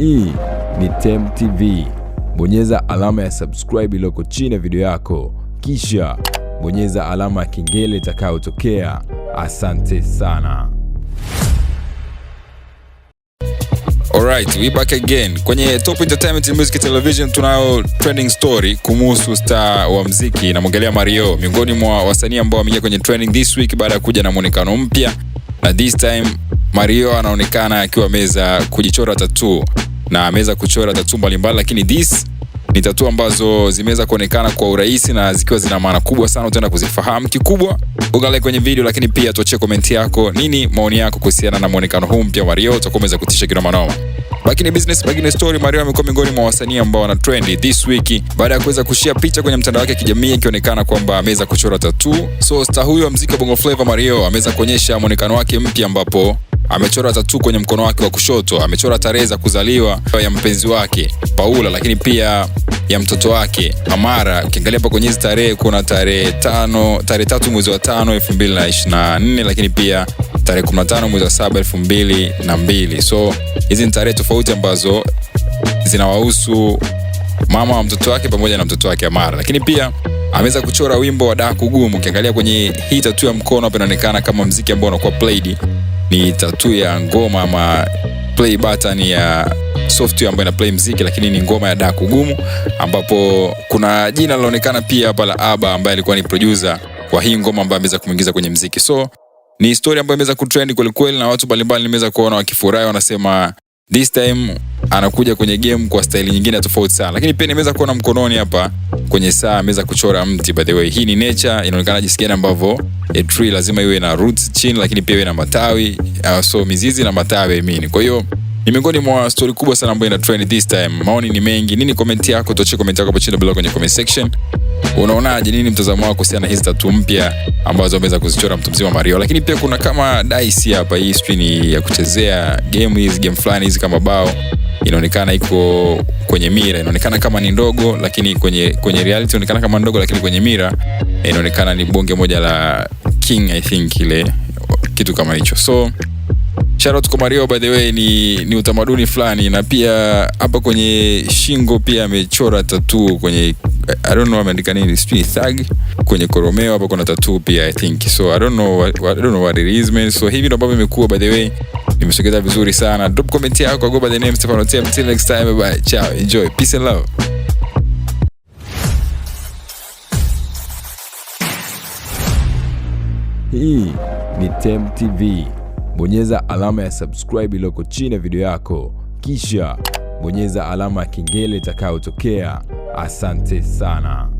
Hii ni Temu TV. Bonyeza alama ya subscribe iliyoko chini ya video yako, kisha bonyeza alama ya kengele itakayotokea. Asante sana. Alright, we back again kwenye Top Entertainment Music Television. Tunayo trending story kumuhusu star wa mziki, mwangalia Mario, miongoni mwa wasanii ambao wameingia kwenye trending this week baada ya kuja na mwonekano mpya, na this time Mario anaonekana akiwa ameweza kujichora tattoo na ameweza kuchora tatu mbalimbali, lakini this ni tatu ambazo zimeweza kuonekana kwa urahisi na zikiwa zina maana kubwa sana, utaenda kuzifahamu. Kikubwa uangalie kwenye video, lakini pia tuachie komenti yako, nini maoni yako kuhusiana na mwonekano huu mpya wa Rio, utakuwa umeweza kutisha kinoma noma. Lakini business bagine story, Mario amekuwa miongoni mwa wasanii ambao wana trend this week baada ya kuweza kushia picha kwenye mtandao wake kijamii akionekana kwamba ameweza kuchora tatu So star huyo wa muziki wa Bongo Flava Mario ameweza kuonyesha mwonekano wake mpya ambapo amechora tatu kwenye mkono wake wa kushoto, amechora tarehe za kuzaliwa ya mpenzi wake Paula, lakini pia ya mtoto wake Amara. Ukiangalia hapa kwenye hizi tarehe kuna tarehe tano, tarehe tatu mwezi wa tano elfu mbili na ishirini nne lakini pia tarehe kumi tano mwezi wa saba elfu mbili na mbili. So hizi ni tarehe tofauti ambazo zinawahusu mama wa mtoto wake pamoja na mtoto wake Amara, lakini pia ameweza kuchora wimbo wa daku kugumu Ukiangalia kwenye hii tatu ya mkono hapa inaonekana kama mziki ambao unakuwa played ni tatu ya ngoma ama play button ya software ambayo ina play mziki, lakini ni ngoma ya daku gumu, ambapo kuna jina linaonekana pia hapa la Aba ambaye alikuwa ni producer kwa hii ngoma ambayo ameweza kumwingiza kwenye mziki. So ni historia ambayo imeweza kutrend kwelikweli na watu mbalimbali nimeweza kuona wakifurahi, wanasema This time anakuja kwenye game kwa staili nyingine tofauti sana, lakini pia nimeweza kuona mkononi hapa kwenye saa ameweza kuchora mti. By the way, hii ni nature, inaonekana jinsi gani ambavyo a tree lazima iwe na roots chini, lakini pia iwe na matawi uh, so mizizi na matawi mini. Kwa hiyo ni miongoni mwa story kubwa sana ambayo ina trend this time. Maoni ni mengi. Nini comment yako? Tuachie comment yako hapo chini bila kwenye comment section. Unaonaje, nini mtazamo wako kuhusiana na hizi tatu mpya ambazo ameweza kuzichora mtu mzima Mario? Lakini pia kuna kama dice hapa, hii screen ya kuchezea game hizi game fulani hizi kama bao inaonekana iko kwenye mira, inaonekana kama ni ndogo, lakini kwenye kwenye reality inaonekana kama ndogo, lakini kwenye mira inaonekana ni bonge moja la king, I think ile kitu kama hicho. So shout kwa Mario by the way, ni, ni utamaduni fulani, na pia hapa kwenye shingo pia amechora tatuu kwenye I don't know ameandika nini sijui thag kwenye koromeo hapa kuna tattoo pia i think so i don't know what, i don't know what it is man so hivi ndo ambavyo imekuwa by the way nimesogeza vizuri sana drop comment yako go by the name Stefano Tem until next time bye, bye ciao enjoy peace and love Hii ni Tem TV. Bonyeza alama ya subscribe iliyoko chini ya video yako, kisha bonyeza alama ya kengele itakayotokea. Asante sana.